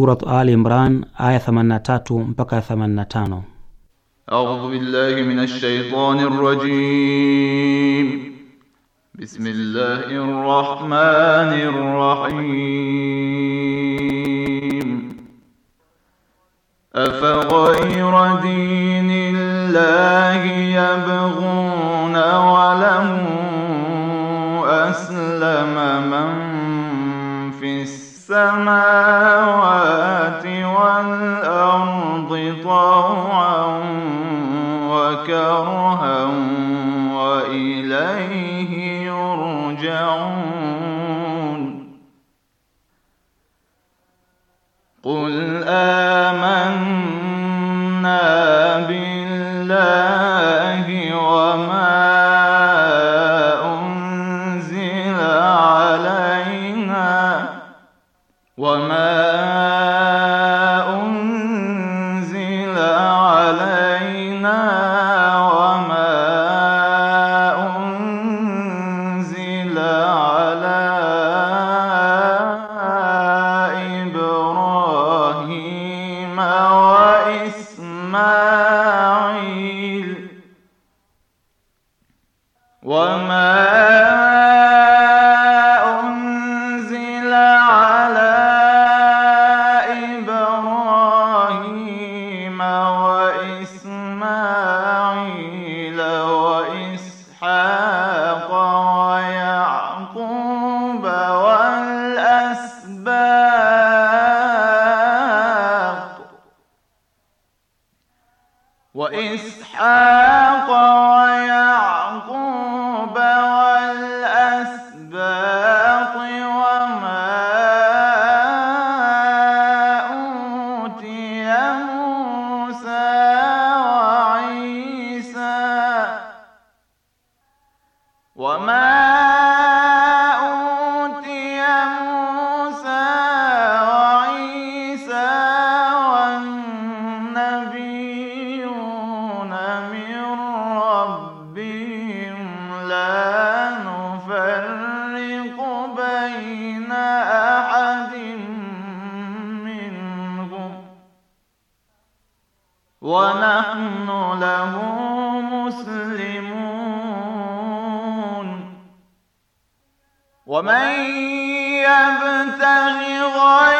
Surat Al Imran aya 83 بقى 85. أعوذ بالله من الشيطان الرجيم بسم الله الرحمن الرحيم كرها وإليه يرجعون قل آه ونحن له مسلمون ومن يبتغي غير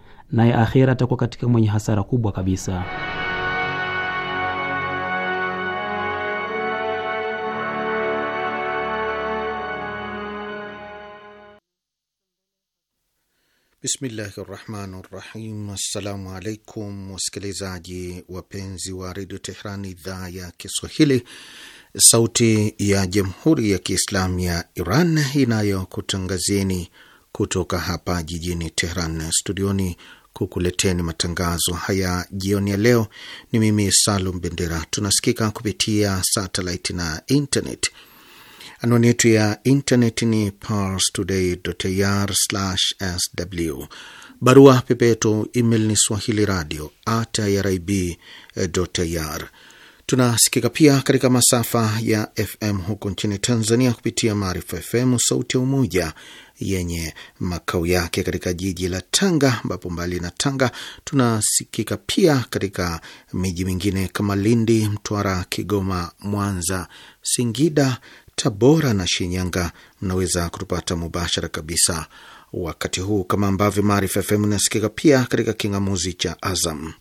naye akhera atakuwa katika mwenye hasara kubwa kabisa. Bismillahi rahmani rahim. Assalamu alaikum wasikilizaji wapenzi wa redio Tehran, idhaa ya Kiswahili, sauti ya jamhuri ya Kiislamu ya Iran inayokutangazieni kutoka hapa jijini Tehran. Studioni kukuleteni matangazo haya jioni ya leo. Ni mimi Salum Bendera. Tunasikika kupitia satellite na internet. Anwani yetu ya internet ni parstoday.ir/sw. Barua pepe yetu email ni swahili radio at irib.ir Tunasikika pia katika masafa ya FM huko nchini Tanzania kupitia Maarifa FM sauti ya Umoja yenye makao yake katika jiji la Tanga, ambapo mbali na Tanga tunasikika pia katika miji mingine kama Lindi, Mtwara, Kigoma, Mwanza, Singida, Tabora na Shinyanga. Mnaweza kutupata mubashara kabisa wakati huu, kama ambavyo Maarifa FM inasikika pia katika kingamuzi cha Azam.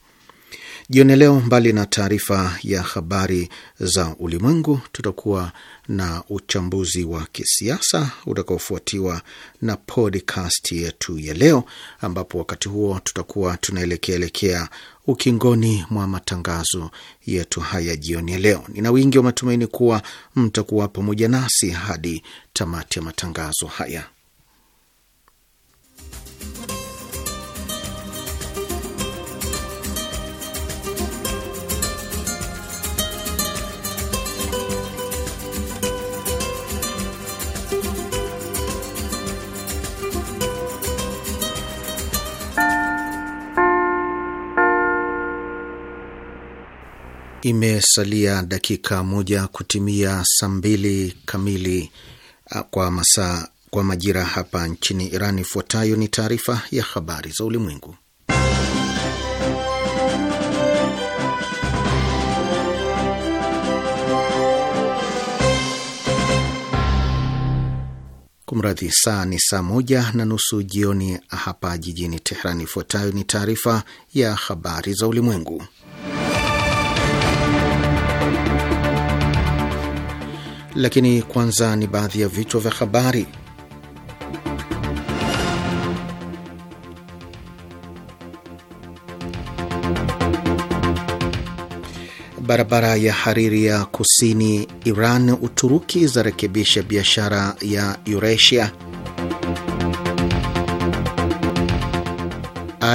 Jioni leo, mbali na taarifa ya habari za ulimwengu, tutakuwa na uchambuzi wa kisiasa utakaofuatiwa na podcast yetu ya leo, ambapo wakati huo tutakuwa tunaelekea elekea ukingoni mwa matangazo yetu haya jioni ya leo. Nina wingi wa matumaini kuwa mtakuwa pamoja nasi hadi tamati ya matangazo haya. Imesalia dakika moja kutimia saa mbili kamili uh, kwa masaa kwa majira hapa nchini Iran. Ifuatayo ni taarifa ya habari za ulimwengu, kumradhi, saa ni saa moja na nusu jioni hapa jijini Tehran. Ifuatayo ni taarifa ya habari za ulimwengu lakini kwanza ni baadhi ya vichwa vya habari. Barabara ya hariri ya kusini Iran, Uturuki zarekebisha biashara ya Eurasia.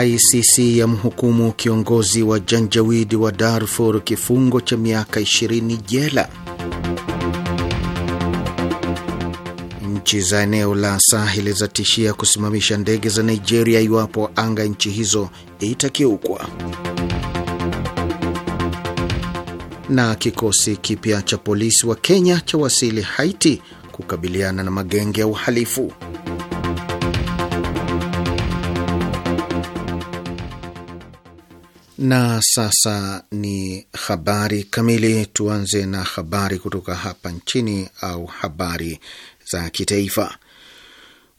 ICC ya mhukumu kiongozi wa Janjawidi wa Darfur kifungo cha miaka 20 jela. Nchi za eneo la Sahel zatishia kusimamisha ndege za Nigeria iwapo anga nchi hizo itakiukwa. Na kikosi kipya cha polisi wa Kenya cha wasili Haiti kukabiliana na magenge ya uhalifu. Na sasa ni habari kamili. Tuanze na habari kutoka hapa nchini au habari za kitaifa.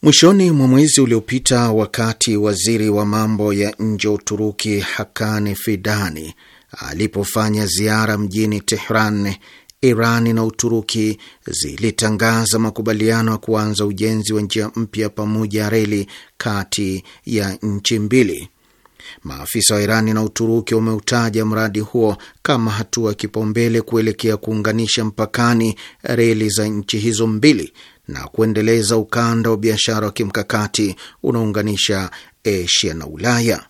Mwishoni mwa mwezi uliopita, wakati waziri wa mambo ya nje wa Uturuki Hakan Fidani alipofanya ziara mjini Tehran, Irani na Uturuki zilitangaza makubaliano ya kuanza ujenzi wa njia mpya pamoja ya reli kati ya nchi mbili. Maafisa wa Irani na Uturuki wameutaja mradi huo kama hatua ya kipaumbele kuelekea kuunganisha mpakani reli za nchi hizo mbili na kuendeleza ukanda wa biashara wa kimkakati unaounganisha Asia na Ulaya.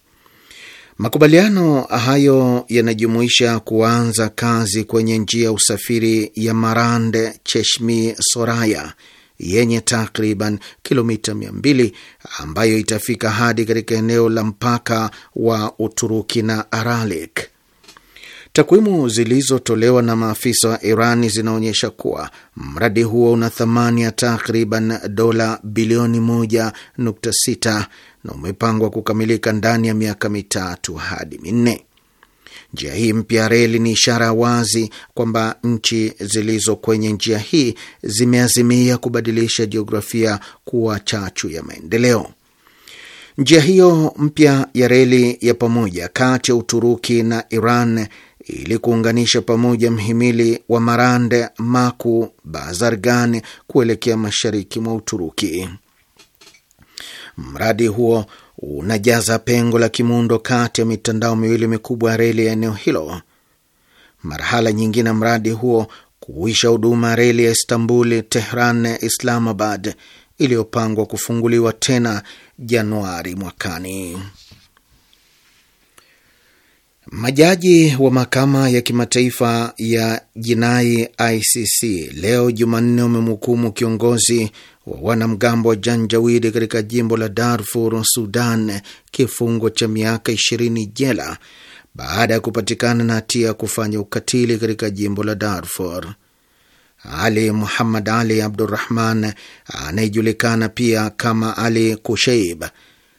Makubaliano hayo yanajumuisha kuanza kazi kwenye njia ya usafiri ya Marande Cheshmi Soraya yenye takriban kilomita 2 ambayo itafika hadi katika eneo la mpaka wa Uturuki na Aralik. Takwimu zilizotolewa na maafisa wa Iran zinaonyesha kuwa mradi huo una thamani ya takriban dola bilioni 1.6 na umepangwa kukamilika ndani ya miaka mitatu hadi minne. Njia hii mpya ya reli ni ishara wazi kwamba nchi zilizo kwenye njia hii zimeazimia kubadilisha jiografia kuwa chachu ya maendeleo. Njia hiyo mpya ya reli ya pamoja kati ya Uturuki na Iran ili kuunganisha pamoja mhimili wa Marande, Maku, Bazargan kuelekea mashariki mwa Uturuki. Mradi huo unajaza pengo la kimuundo kati ya mitandao miwili mikubwa ya reli ya eneo hilo. Marhala nyingine mradi huo kuisha huduma reli ya Istanbul, Tehran, Islamabad iliyopangwa kufunguliwa tena Januari mwakani. Majaji wa mahakama ya kimataifa ya jinai ICC leo Jumanne wamemhukumu kiongozi wa wanamgambo wa Janjawidi katika jimbo la Darfur, Sudan, kifungo cha miaka ishirini jela baada ya kupatikana na hatia ya kufanya ukatili katika jimbo la Darfur. Ali Muhammad Ali Abdurrahman anayejulikana pia kama Ali Kusheib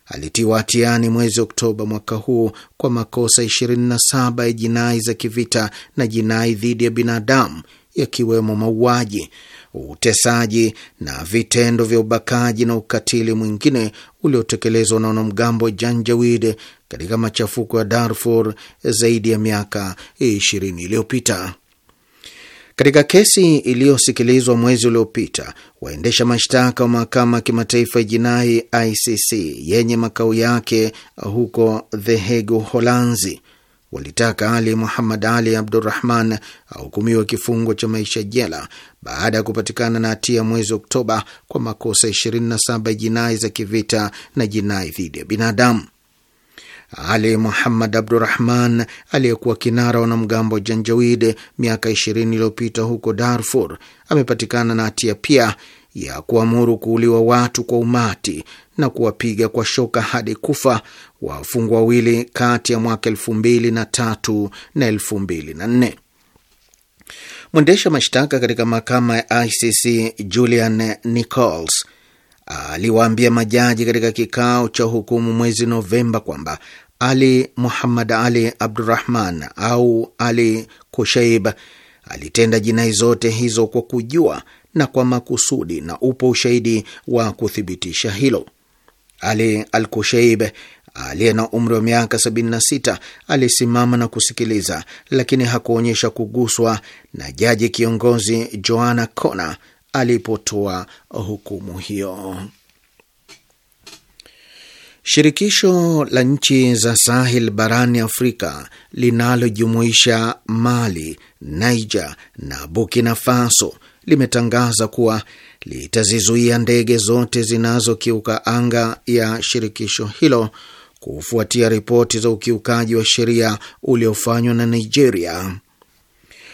alitiwa hatiani mwezi Oktoba mwaka huu kwa makosa 27 ya jinai za kivita na jinai dhidi ya binadamu yakiwemo mauaji, utesaji na vitendo vya ubakaji na ukatili mwingine uliotekelezwa na wanamgambo wa Janjawid katika machafuko ya Darfur zaidi ya miaka 20 iliyopita. Katika kesi iliyosikilizwa mwezi uliopita, waendesha mashtaka wa mahakama ya kimataifa ya jinai ICC yenye makao yake huko The Hague, Uholanzi, walitaka Ali Muhammad Ali Abdurrahman ahukumiwe kifungo cha maisha jela baada ya kupatikana na hatia mwezi Oktoba kwa makosa 27 ya jinai za kivita na jinai dhidi ya binadamu. Ali Muhammad Abdurahman aliyekuwa kinara wanamgambo wa Janjawid miaka ishirini iliyopita huko Darfur amepatikana na hatia pia ya kuamuru kuuliwa watu kwa umati na kuwapiga kwa shoka hadi kufa wafungwa wawili kati ya mwaka elfu mbili na tatu na elfu mbili na nne. Mwendesha mashtaka katika mahakama ya ICC Julian Nichols aliwaambia majaji katika kikao cha hukumu mwezi Novemba kwamba Ali Muhammad Ali Abdurahman au Ali Kushaib alitenda jinai zote hizo kwa kujua na kwa makusudi, na upo ushahidi wa kuthibitisha hilo. Ali Al Kushaib aliye na umri wa miaka 76 alisimama na kusikiliza, lakini hakuonyesha kuguswa na jaji kiongozi Joanna Cona alipotoa hukumu hiyo. Shirikisho la nchi za Sahel barani Afrika linalojumuisha Mali, Niger na Burkina Faso limetangaza kuwa litazizuia ndege zote zinazokiuka anga ya shirikisho hilo kufuatia ripoti za ukiukaji wa sheria uliofanywa na Nigeria.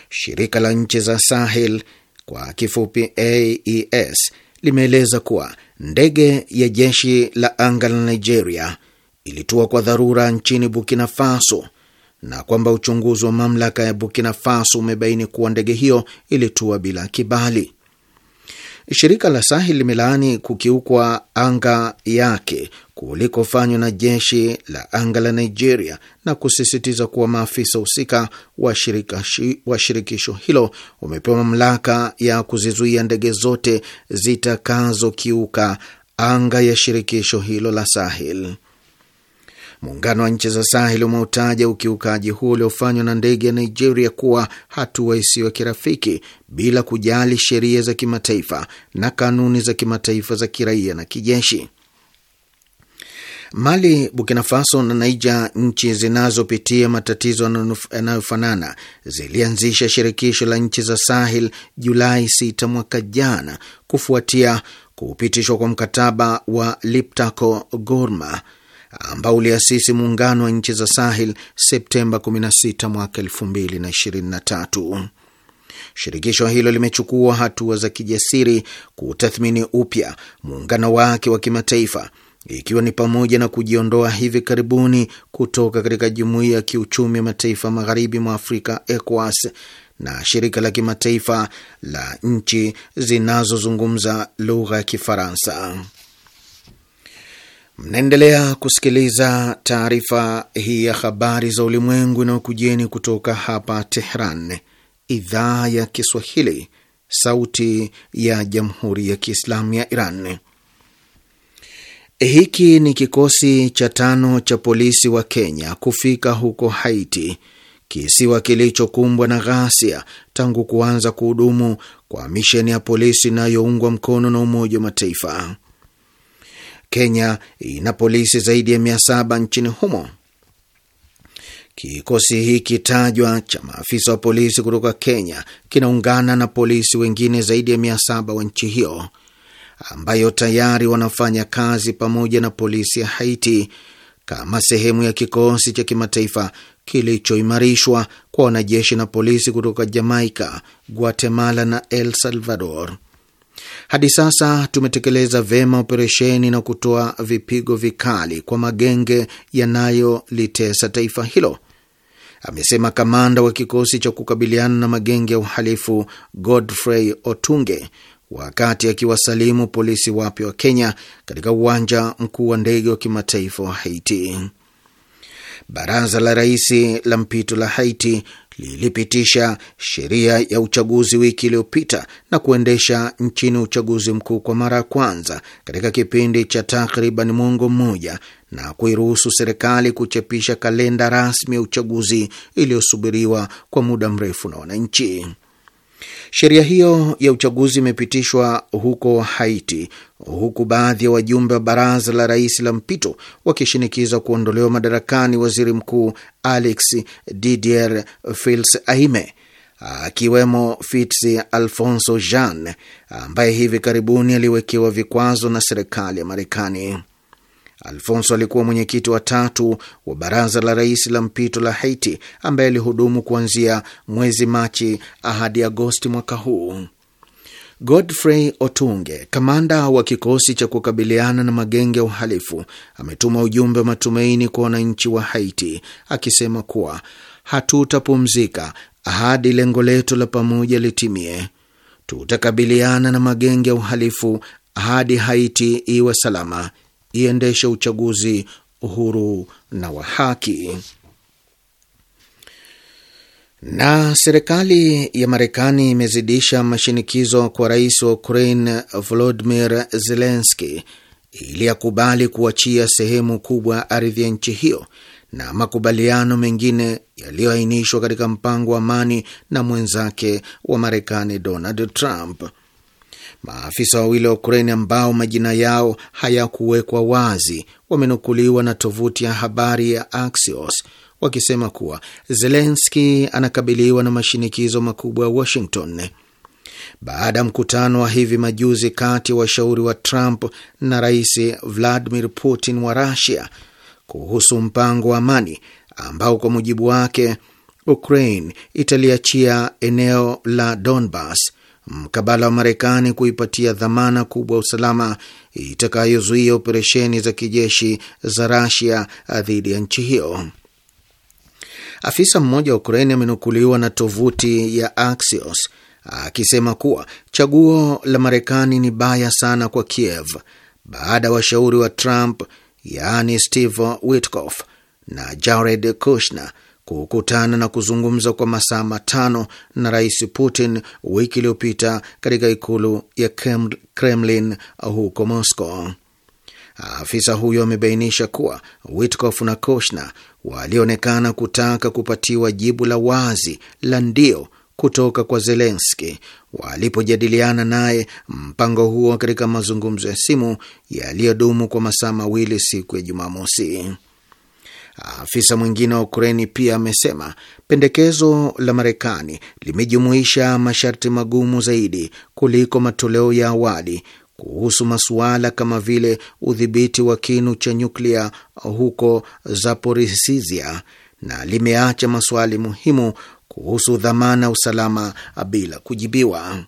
Shirika la nchi za Sahel kwa kifupi AES, limeeleza kuwa ndege ya jeshi la anga la Nigeria ilitua kwa dharura nchini Burkina Faso na kwamba uchunguzi wa mamlaka ya Burkina Faso umebaini kuwa ndege hiyo ilitua bila kibali. Shirika la Sahel limelaani kukiukwa anga yake kulikofanywa na jeshi la anga la Nigeria na kusisitiza kuwa maafisa husika wa, wa shirikisho hilo wamepewa mamlaka ya kuzizuia ndege zote zitakazokiuka anga ya shirikisho hilo la Sahel. Muungano wa nchi za Sahel umeutaja ukiukaji huo uliofanywa na ndege ya Nigeria kuwa hatua isiyo ya kirafiki, bila kujali sheria za kimataifa na kanuni za kimataifa za kiraia na kijeshi. Mali, Burkina Faso na Niger, nchi zinazopitia matatizo yanayofanana, zilianzisha shirikisho la nchi za Sahel Julai 6 mwaka jana kufuatia kupitishwa kwa mkataba wa Liptako Gorma ambao uliasisi muungano wa nchi za Sahel Septemba 16 mwaka 2023. Shirikisho hilo limechukua hatua za kijasiri kutathmini upya muungano wake wa kimataifa ikiwa ni pamoja na kujiondoa hivi karibuni kutoka katika jumuiya ya kiuchumi ya mataifa magharibi mwa Afrika, ECOWAS, na shirika la kimataifa la nchi zinazozungumza lugha ya Kifaransa. Mnaendelea kusikiliza taarifa hii ya habari za ulimwengu inayokujieni kutoka hapa Tehran, idhaa ya Kiswahili, sauti ya jamhuri ya kiislamu ya Iran. Hiki ni kikosi cha tano cha polisi wa Kenya kufika huko Haiti, kisiwa kilichokumbwa na ghasia tangu kuanza kuhudumu kwa misheni ya polisi inayoungwa mkono na Umoja wa Mataifa. Kenya ina polisi zaidi ya mia saba nchini humo. Kikosi hiki tajwa cha maafisa wa polisi kutoka Kenya kinaungana na polisi wengine zaidi ya mia saba wa nchi hiyo ambayo tayari wanafanya kazi pamoja na polisi ya Haiti kama sehemu ya kikosi cha kimataifa kilichoimarishwa kwa wanajeshi na polisi kutoka Jamaika, Guatemala na El Salvador. Hadi sasa tumetekeleza vyema operesheni na kutoa vipigo vikali kwa magenge yanayolitesa taifa hilo, amesema kamanda wa kikosi cha kukabiliana na magenge ya uhalifu Godfrey Otunge wakati akiwasalimu polisi wapya wa Kenya katika uwanja mkuu wa ndege wa kimataifa wa Haiti. Baraza la rais la mpito la Haiti lilipitisha sheria ya uchaguzi wiki iliyopita na kuendesha nchini uchaguzi mkuu kwa mara ya kwanza katika kipindi cha takriban mwongo mmoja na kuiruhusu serikali kuchapisha kalenda rasmi ya uchaguzi iliyosubiriwa kwa muda mrefu na wananchi. Sheria hiyo ya uchaguzi imepitishwa huko Haiti huku baadhi ya wajumbe wa baraza la rais la mpito wakishinikiza kuondolewa madarakani waziri mkuu Alex Didier Fils-Aime akiwemo Fitz Alfonso Jean ambaye hivi karibuni aliwekewa vikwazo na serikali ya Marekani. Alfonso alikuwa mwenyekiti wa tatu wa baraza la rais la mpito la Haiti ambaye alihudumu kuanzia mwezi Machi hadi Agosti mwaka huu. Godfrey Otunge, kamanda wa kikosi cha kukabiliana na magenge ya uhalifu, ametuma ujumbe wa matumaini kwa wananchi wa Haiti akisema kuwa hatutapumzika hadi lengo letu la pamoja litimie. Tutakabiliana na magenge ya uhalifu hadi Haiti iwe salama, iendeshe uchaguzi uhuru na wa haki. Na serikali ya Marekani imezidisha mashinikizo kwa rais wa Ukraine Volodimir Zelenski ili akubali kuachia sehemu kubwa ya ardhi ya nchi hiyo na makubaliano mengine yaliyoainishwa katika mpango wa amani na mwenzake wa Marekani Donald Trump. Maafisa wawili wa Ukraine ambao majina yao hayakuwekwa wazi wamenukuliwa na tovuti ya habari ya Axios wakisema kuwa Zelenski anakabiliwa na mashinikizo makubwa ya Washington. Baada ya mkutano wa hivi majuzi kati ya washauri wa Trump na Rais Vladimir Putin wa rasia kuhusu mpango wa amani ambao kwa mujibu wake Ukraine italiachia eneo la Donbas mkabala wa Marekani kuipatia dhamana kubwa usalama itakayozuia operesheni za kijeshi za rasia dhidi ya nchi hiyo. Afisa mmoja wa Ukraini amenukuliwa na tovuti ya Axios akisema kuwa chaguo la Marekani ni baya sana kwa Kiev baada ya washauri wa Trump yaani Steve Witkoff na Jared Kushner kukutana na kuzungumza kwa masaa matano na Rais Putin wiki iliyopita katika ikulu ya Kremlin huko Moscow. Afisa huyo amebainisha kuwa Witkoff na koshna walionekana kutaka kupatiwa jibu la wazi la ndio kutoka kwa Zelenski walipojadiliana naye mpango huo katika mazungumzo ya simu yaliyodumu kwa masaa mawili siku ya Jumamosi. Afisa mwingine wa Ukraini pia amesema pendekezo la Marekani limejumuisha masharti magumu zaidi kuliko matoleo ya awali kuhusu masuala kama vile udhibiti wa kinu cha nyuklia huko Zaporizhia na limeacha maswali muhimu kuhusu dhamana usalama bila kujibiwa.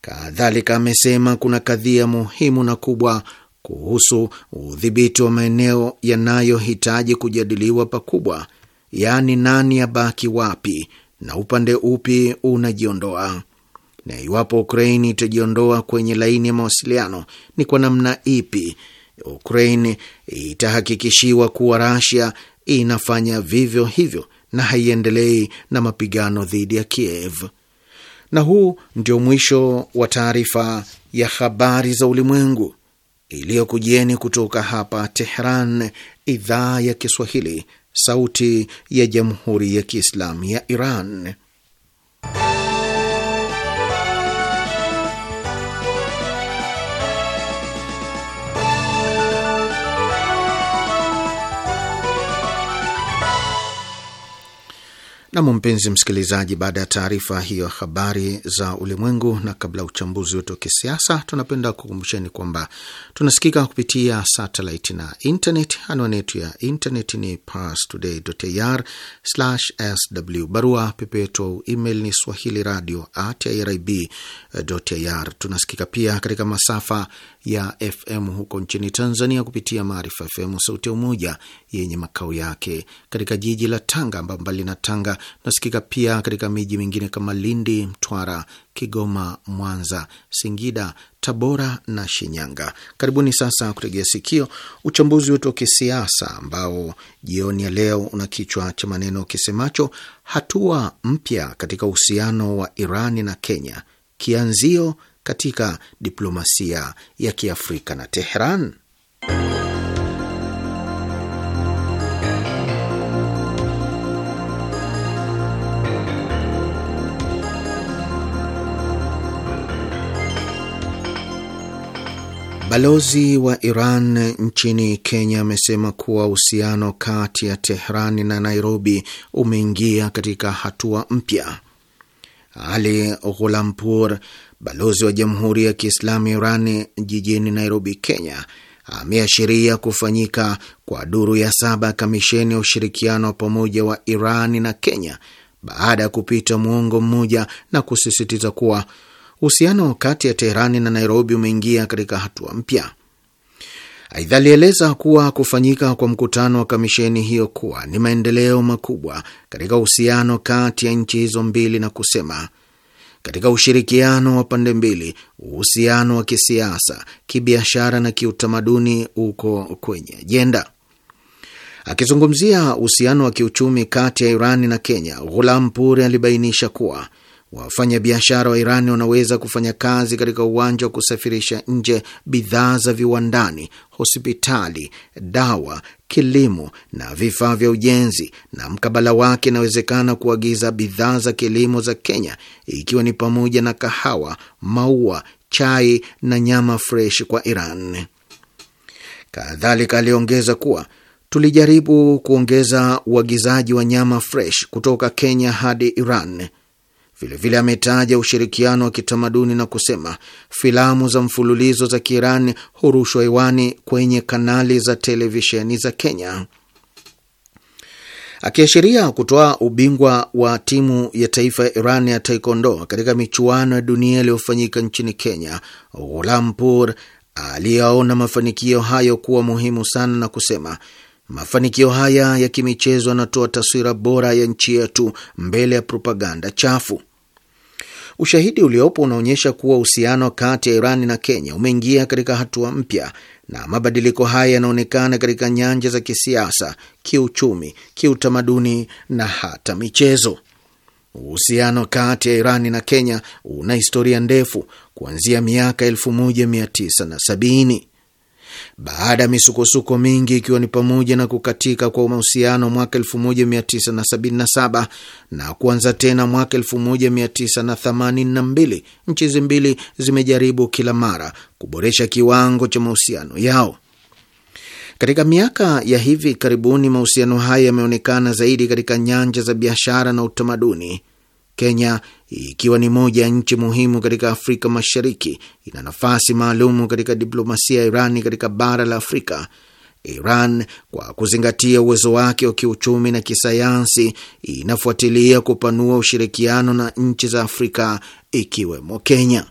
Kadhalika amesema kuna kadhia muhimu na kubwa kuhusu udhibiti wa maeneo yanayohitaji kujadiliwa pakubwa, yaani nani abaki wapi na upande upi unajiondoa na iwapo Ukraini itajiondoa kwenye laini ya mawasiliano, ni kwa namna ipi Ukraini itahakikishiwa kuwa rasia inafanya vivyo hivyo na haiendelei na mapigano dhidi ya Kiev. Na huu ndio mwisho wa taarifa ya habari za ulimwengu iliyokujieni kutoka hapa Tehran, idhaa ya Kiswahili, sauti ya jamhuri ya kiislamu ya Iran. Nam, mpenzi msikilizaji, baada ya taarifa hiyo habari za ulimwengu na kabla ya uchambuzi wetu wa kisiasa, tunapenda kukumbusheni kwamba tunasikika kupitia satelit na internet. Anwani yetu ya internet ni parstoday.ir/sw, barua pepe yetu email ni swahili radio at irib.ir. Tunasikika pia katika masafa ya FM huko nchini Tanzania kupitia Maarifa FM Sauti ya Umoja yenye makao yake katika jiji la Tanga, ambapo mbali na Tanga nasikika pia katika miji mingine kama Lindi, Mtwara, Kigoma, Mwanza, Singida, Tabora na Shinyanga. Karibuni sasa kutegea sikio uchambuzi wetu wa kisiasa ambao jioni ya leo una kichwa cha maneno kisemacho hatua mpya katika uhusiano wa Iran na Kenya, kianzio katika diplomasia ya Kiafrika na Teheran. Balozi wa Iran nchini Kenya amesema kuwa uhusiano kati ya tehran na Nairobi umeingia katika hatua mpya. Ali Ghulampur, balozi wa Jamhuri ya Kiislamu Iran jijini Nairobi, Kenya, ameashiria kufanyika kwa duru ya saba kamisheni ya ushirikiano wa pamoja wa Iran na Kenya baada ya kupita mwongo mmoja na kusisitiza kuwa uhusiano kati ya Teherani na Nairobi umeingia katika hatua mpya. Aidha, alieleza kuwa kufanyika kwa mkutano wa kamisheni hiyo kuwa ni maendeleo makubwa katika uhusiano kati ya nchi hizo mbili na kusema katika ushirikiano wa pande mbili, uhusiano wa kisiasa, kibiashara na kiutamaduni uko kwenye ajenda. Akizungumzia uhusiano wa kiuchumi kati ya Irani na Kenya, Ghulam Puri alibainisha kuwa wafanyabiashara wa Irani wanaweza kufanya kazi katika uwanja wa kusafirisha nje bidhaa za viwandani, hospitali, dawa, kilimo na vifaa vya ujenzi, na mkabala wake inawezekana kuagiza bidhaa za kilimo za Kenya, ikiwa ni pamoja na kahawa, maua, chai na nyama fresh kwa Iran. Kadhalika aliongeza kuwa tulijaribu kuongeza uagizaji wa nyama fresh kutoka Kenya hadi Iran Vilevile ametaja ushirikiano wa kitamaduni na kusema filamu za mfululizo za Kiirani hurushwa hewani kwenye kanali za televisheni za Kenya, akiashiria kutoa ubingwa wa timu ya taifa ya Iran ya taekwondo katika michuano ya dunia iliyofanyika nchini Kenya. Ghulampur aliyeona mafanikio hayo kuwa muhimu sana na kusema Mafanikio haya ya kimichezo yanatoa taswira bora ya nchi yetu mbele ya propaganda chafu. Ushahidi uliopo unaonyesha kuwa uhusiano kati ya iran na Kenya umeingia katika hatua mpya, na mabadiliko haya yanaonekana katika nyanja za kisiasa, kiuchumi, kiutamaduni na hata michezo. Uhusiano kati ya iran na Kenya una historia ndefu kuanzia miaka 1970 baada ya misukosuko mingi ikiwa ni pamoja na kukatika kwa mahusiano mwaka 1977 na kuanza tena mwaka 1982, nchi hizi mbili zimejaribu kila mara kuboresha kiwango cha mahusiano yao. Katika miaka ya hivi karibuni, mahusiano haya yameonekana zaidi katika nyanja za biashara na utamaduni. Kenya ikiwa ni moja ya nchi muhimu katika Afrika Mashariki ina nafasi maalumu katika diplomasia ya Irani katika bara la Afrika. Iran kwa kuzingatia uwezo wake wa kiuchumi na kisayansi inafuatilia kupanua ushirikiano na nchi za Afrika ikiwemo Kenya.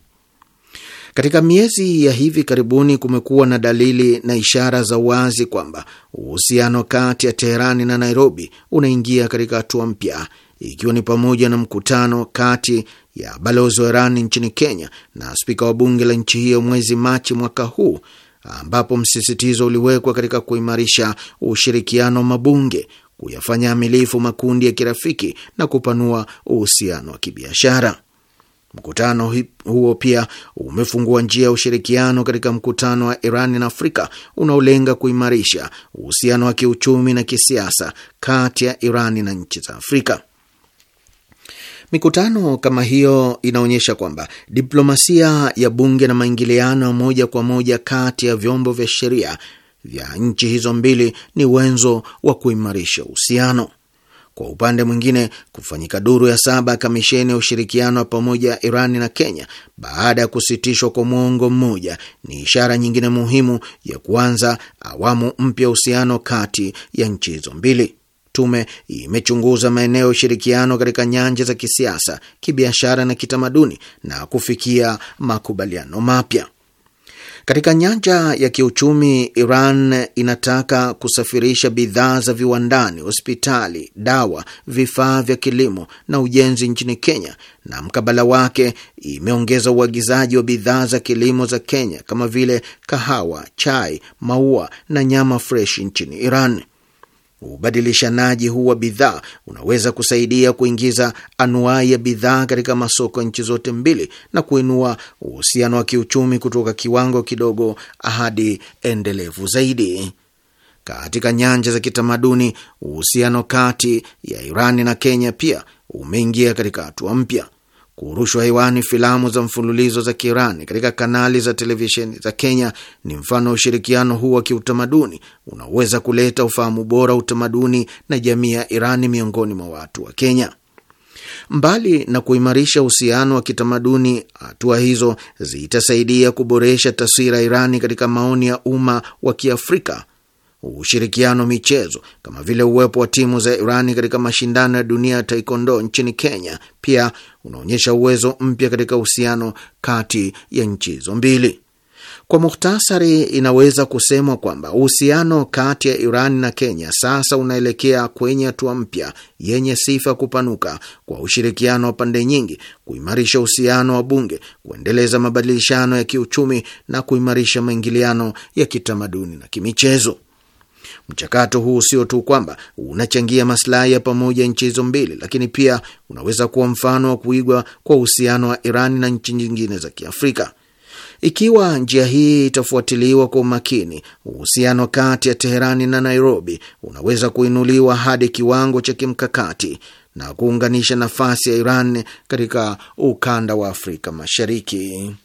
Katika miezi ya hivi karibuni kumekuwa na dalili na ishara za wazi kwamba uhusiano kati ya Teherani na Nairobi unaingia katika hatua mpya ikiwa ni pamoja na mkutano kati ya balozi wa Irani nchini Kenya na spika wa bunge la nchi hiyo mwezi Machi mwaka huu, ambapo msisitizo uliwekwa katika kuimarisha ushirikiano wa mabunge, kuyafanya amilifu makundi ya kirafiki na kupanua uhusiano wa kibiashara. Mkutano huo pia umefungua njia ya ushirikiano katika mkutano wa Iran na Afrika unaolenga kuimarisha uhusiano wa kiuchumi na kisiasa kati ya Iran na nchi za Afrika. Mikutano kama hiyo inaonyesha kwamba diplomasia ya bunge na maingiliano moja kwa moja kati ya vyombo vya sheria vya nchi hizo mbili ni wenzo wa kuimarisha uhusiano. Kwa upande mwingine, kufanyika duru ya saba ya kamisheni ya ushirikiano wa pamoja ya na Kenya baada ya kusitishwa kwa mwongo mmoja ni ishara nyingine muhimu ya kuanza awamu mpya uhusiano kati ya nchi hizo mbili. Tume imechunguza maeneo ya ushirikiano katika nyanja za kisiasa, kibiashara na kitamaduni na kufikia makubaliano mapya. Katika nyanja ya kiuchumi, Iran inataka kusafirisha bidhaa za viwandani, hospitali, dawa, vifaa vya kilimo na ujenzi nchini Kenya, na mkabala wake imeongeza uagizaji wa bidhaa za kilimo za Kenya kama vile kahawa, chai, maua na nyama freshi nchini Iran. Ubadilishanaji huu wa bidhaa unaweza kusaidia kuingiza anuai ya bidhaa katika masoko ya nchi zote mbili na kuinua uhusiano wa kiuchumi kutoka kiwango kidogo hadi endelevu zaidi. Katika nyanja za kitamaduni, uhusiano kati ya Irani na Kenya pia umeingia katika hatua mpya. Kurushwa hewani filamu za mfululizo za Kiirani katika kanali za televisheni za Kenya ni mfano wa ushirikiano huu wa kiutamaduni unaoweza kuleta ufahamu bora wa utamaduni na jamii ya Irani miongoni mwa watu wa Kenya. Mbali na kuimarisha uhusiano wa kitamaduni, hatua hizo zitasaidia kuboresha taswira ya Irani katika maoni ya umma wa Kiafrika ushirikiano michezo kama vile uwepo wa timu za Irani katika mashindano ya dunia ya taekwondo nchini Kenya pia unaonyesha uwezo mpya katika uhusiano kati ya nchi hizo mbili. Kwa muhtasari, inaweza kusemwa kwamba uhusiano kati ya iran na Kenya sasa unaelekea kwenye hatua mpya yenye sifa kupanuka kwa ushirikiano wa pande nyingi, kuimarisha uhusiano wa bunge, kuendeleza mabadilishano ya kiuchumi na kuimarisha maingiliano ya kitamaduni na kimichezo. Mchakato huu sio tu kwamba unachangia masilahi ya pamoja nchi hizo mbili, lakini pia unaweza kuwa mfano wa kuigwa kwa uhusiano wa Iran na nchi nyingine za Kiafrika. Ikiwa njia hii itafuatiliwa kwa umakini, uhusiano kati ya Teherani na Nairobi unaweza kuinuliwa hadi kiwango cha kimkakati na kuunganisha nafasi ya Iran katika ukanda wa Afrika Mashariki.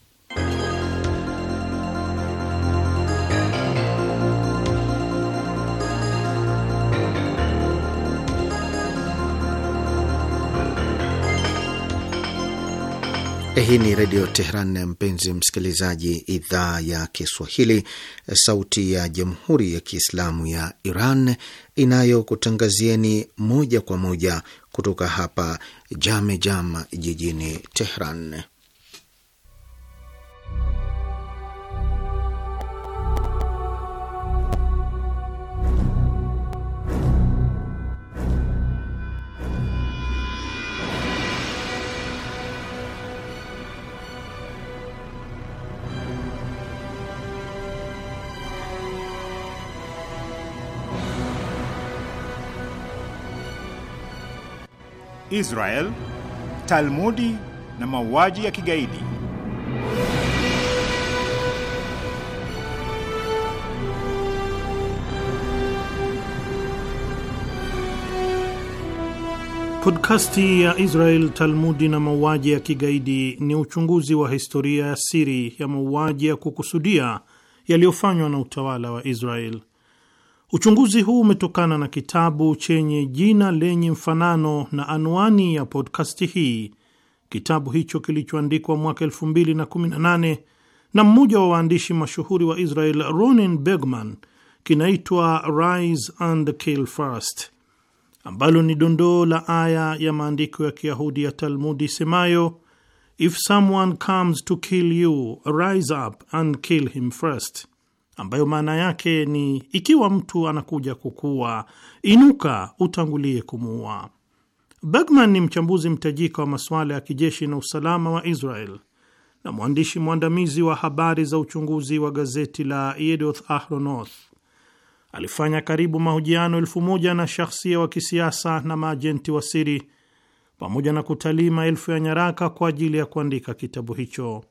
Eh, hii ni Redio Tehran, mpenzi msikilizaji, idhaa ya Kiswahili, sauti ya Jamhuri ya Kiislamu ya Iran inayokutangazieni moja kwa moja kutoka hapa Jame Jam jijini Tehran. Israel, Talmudi na mauaji ya kigaidi. Podkasti ya Israel Talmudi na mauaji ya kigaidi ni uchunguzi wa historia ya siri ya mauaji ya kukusudia yaliyofanywa na utawala wa Israel Uchunguzi huu umetokana na kitabu chenye jina lenye mfanano na anwani ya podkasti hii. Kitabu hicho kilichoandikwa mwaka 2018 na mmoja wa waandishi mashuhuri wa Israel ronin Bergman kinaitwa Rise and Kill First, ambalo ni dondoo la aya ya maandiko ya Kiyahudi ya Talmudi isemayo, if someone comes to kill you rise up and kill him first ambayo maana yake ni ikiwa mtu anakuja kukua inuka utangulie kumuua. Bergman ni mchambuzi mtajika wa masuala ya kijeshi na usalama wa Israel na mwandishi mwandamizi wa habari za uchunguzi wa gazeti la Yedoth Ahronoth. Alifanya karibu mahojiano elfu moja na shahsia wa kisiasa na maajenti wa siri pamoja na kutalii maelfu ya nyaraka kwa ajili ya kuandika kitabu hicho.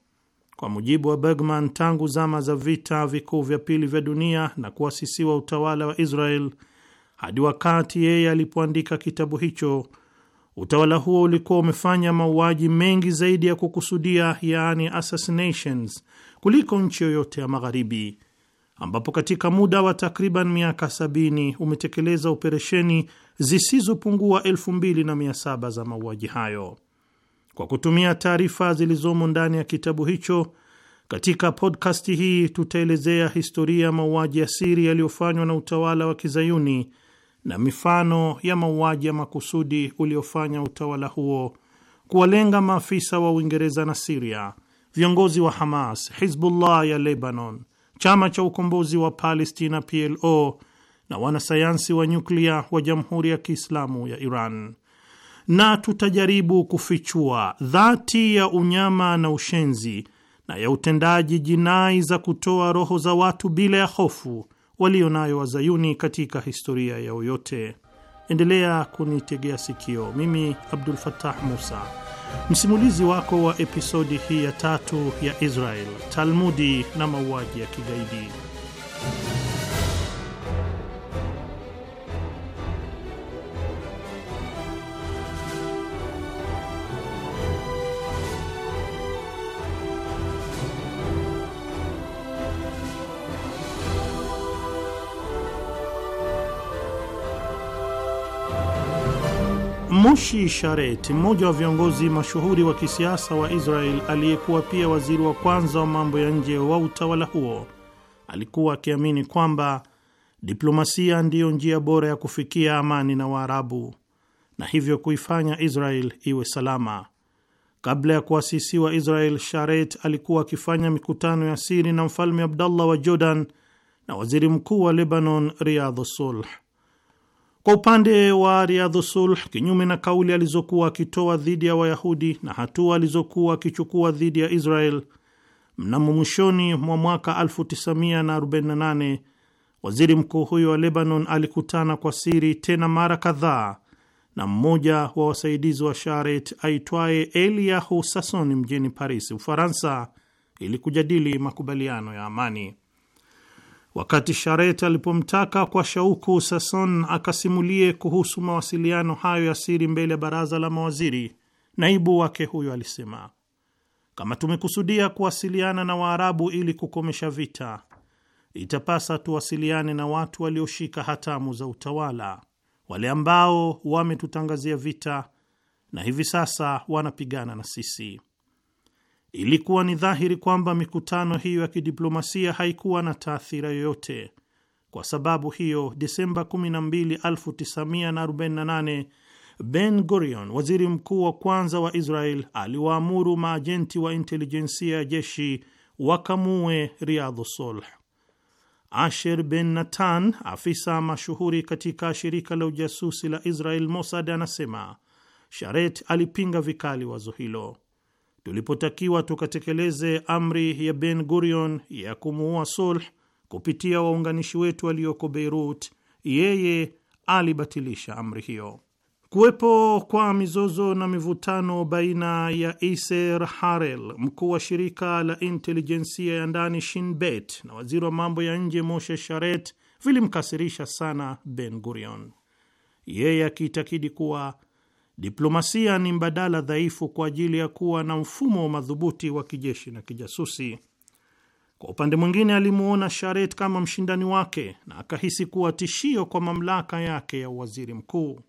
Kwa mujibu wa Bergman, tangu zama za vita vikuu vya pili vya dunia na kuasisiwa utawala wa Israel hadi wakati yeye alipoandika kitabu hicho, utawala huo ulikuwa umefanya mauaji mengi zaidi ya kukusudia, yaani assassinations, kuliko nchi yoyote ya Magharibi, ambapo katika muda wa takriban miaka 70 umetekeleza operesheni zisizopungua 27 za mauaji hayo. Kwa kutumia taarifa zilizomo ndani ya kitabu hicho, katika podkasti hii tutaelezea historia ya mauaji ya siri yaliyofanywa na utawala wa kizayuni na mifano ya mauaji ya makusudi uliofanya utawala huo kuwalenga maafisa wa Uingereza na Siria, viongozi wa Hamas, Hizbullah ya Lebanon, chama cha ukombozi wa Palestina PLO na wanasayansi wa nyuklia wa Jamhuri ya Kiislamu ya Iran na tutajaribu kufichua dhati ya unyama na ushenzi na ya utendaji jinai za kutoa roho za watu bila ya hofu walio nayo wazayuni katika historia yao yote. Endelea kunitegea sikio, mimi Abdul Fatah Musa, msimulizi wako wa episodi hii ya tatu ya Israel, Talmudi na mauaji ya kigaidi. Moshi Sharet, mmoja wa viongozi mashuhuri wa kisiasa wa Israel aliyekuwa pia waziri wa kwanza wa mambo ya nje wa utawala huo, alikuwa akiamini kwamba diplomasia ndiyo njia bora ya kufikia amani na Waarabu na hivyo kuifanya Israel iwe salama. Kabla ya kuasisiwa Israel, Sharet alikuwa akifanya mikutano ya siri na mfalme Abdallah wa Jordan na waziri mkuu wa Lebanon Riyadh Sulh. Kwa upande wa riadhu Sulh, kinyume na kauli alizokuwa akitoa dhidi ya Wayahudi na hatua alizokuwa akichukua dhidi ya Israel, mnamo mwishoni mwa mwaka 1948 waziri mkuu huyo wa Lebanon alikutana kwa siri tena mara kadhaa na mmoja wa wasaidizi wa Sharet aitwaye Eliyahu Sasoni mjini Paris, Ufaransa, ili kujadili makubaliano ya amani. Wakati Sharet alipomtaka kwa shauku Sason akasimulie kuhusu mawasiliano hayo ya siri mbele ya baraza la mawaziri, naibu wake huyo alisema, kama tumekusudia kuwasiliana na Waarabu ili kukomesha vita, itapasa tuwasiliane na watu walioshika hatamu za utawala, wale ambao wametutangazia vita na hivi sasa wanapigana na sisi. Ilikuwa ni dhahiri kwamba mikutano hiyo ya kidiplomasia haikuwa na taathira yoyote. Kwa sababu hiyo, Desemba 12, 1948 Ben Gurion, waziri mkuu wa kwanza wa Israel, aliwaamuru maajenti wa intelijensia ya jeshi wakamue Riadhu Solh. Asher Ben Natan, afisa mashuhuri katika shirika la ujasusi la Israel Mossad, anasema Sharet alipinga vikali wazo hilo tulipotakiwa tukatekeleze amri ya Ben Gurion ya kumuua Sulh kupitia waunganishi wetu walioko Beirut, yeye alibatilisha amri hiyo. Kuwepo kwa mizozo na mivutano baina ya Iser Harel, mkuu wa shirika la intelijensia ya ndani shinbet na waziri wa mambo ya nje Moshe Sharet vilimkasirisha sana Ben Gurion, yeye akiitakidi kuwa Diplomasia ni mbadala dhaifu kwa ajili ya kuwa na mfumo wa madhubuti wa kijeshi na kijasusi. Kwa upande mwingine, alimuona Sharet kama mshindani wake na akahisi kuwa tishio kwa mamlaka yake ya uwaziri mkuu.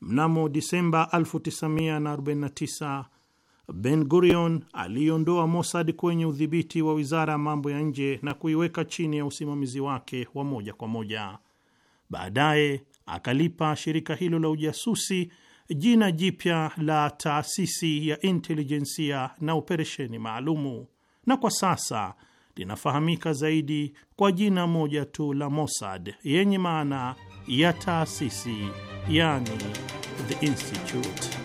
Mnamo Disemba 1949 Ben Gurion aliondoa Mossad kwenye udhibiti wa wizara ya mambo ya nje na kuiweka chini ya usimamizi wake wa moja kwa moja. Baadaye akalipa shirika hilo la ujasusi jina jipya la taasisi ya intelijensia na operesheni maalumu, na kwa sasa linafahamika zaidi kwa jina moja tu la Mossad yenye maana ya taasisi, yani the institute.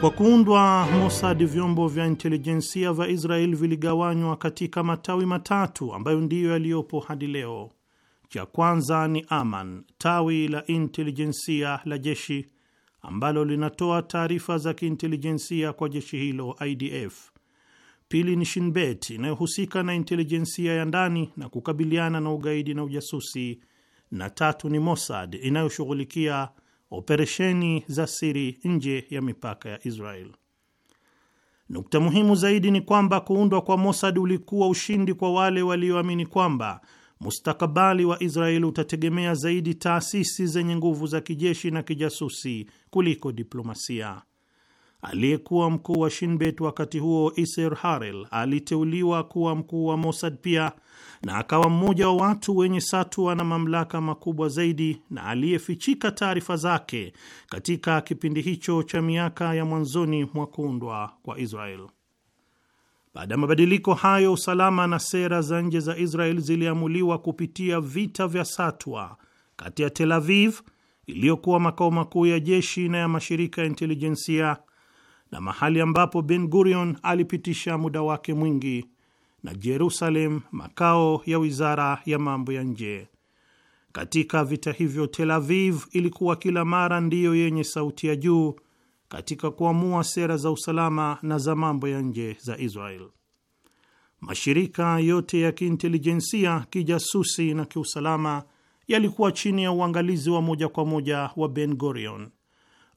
Kwa kuundwa Mosadi, vyombo vya intelijensia vya Israel viligawanywa katika matawi matatu ambayo ndiyo yaliyopo hadi leo. Cha kwanza ni Aman, tawi la intelijensia la jeshi ambalo linatoa taarifa za kiintelijensia kwa jeshi hilo IDF. Pili ni Shinbet inayohusika na intelijensia ya ndani na kukabiliana na ugaidi na ujasusi, na tatu ni Mossad inayoshughulikia operesheni za siri nje ya mipaka ya Israel. Nukta muhimu zaidi ni kwamba kuundwa kwa Mossad ulikuwa ushindi kwa wale walioamini kwamba mustakabali wa Israeli utategemea zaidi taasisi zenye nguvu za kijeshi na kijasusi kuliko diplomasia aliyekuwa mkuu wa Shinbet wakati huo, Iser Harel, aliteuliwa kuwa mkuu wa Mossad pia na akawa mmoja wa watu wenye satwa na mamlaka makubwa zaidi na aliyefichika taarifa zake katika kipindi hicho cha miaka ya mwanzoni mwa kuundwa kwa Israel. Baada ya mabadiliko hayo, usalama na sera za nje za Israel ziliamuliwa kupitia vita vya satwa kati ya Tel Aviv iliyokuwa makao makuu ya jeshi na ya mashirika ya intelijensia na mahali ambapo Ben Gurion alipitisha muda wake mwingi, na Jerusalem, makao ya wizara ya mambo ya nje. Katika vita hivyo, Tel Aviv ilikuwa kila mara ndiyo yenye sauti ya juu katika kuamua sera za usalama na za mambo ya nje za Israel. Mashirika yote ya kiintelijensia, kijasusi na kiusalama yalikuwa chini ya uangalizi wa moja kwa moja wa Ben Gurion.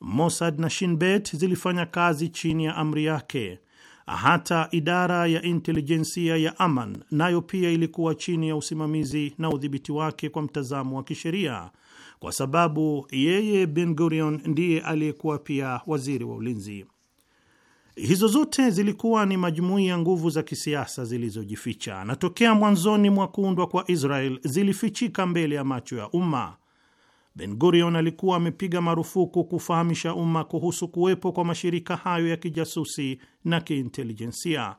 Mossad na Shinbet zilifanya kazi chini ya amri yake. Hata idara ya intelijensia ya Aman nayo pia ilikuwa chini ya usimamizi na udhibiti wake kwa mtazamo wa kisheria, kwa sababu yeye Ben Gurion ndiye aliyekuwa pia waziri wa ulinzi. Hizo zote zilikuwa ni majumuiya ya nguvu za kisiasa zilizojificha, na tokea mwanzoni mwa kuundwa kwa Israel zilifichika mbele ya macho ya umma. Ben Gurion alikuwa amepiga marufuku kufahamisha umma kuhusu kuwepo kwa mashirika hayo ya kijasusi na kiintelijensia.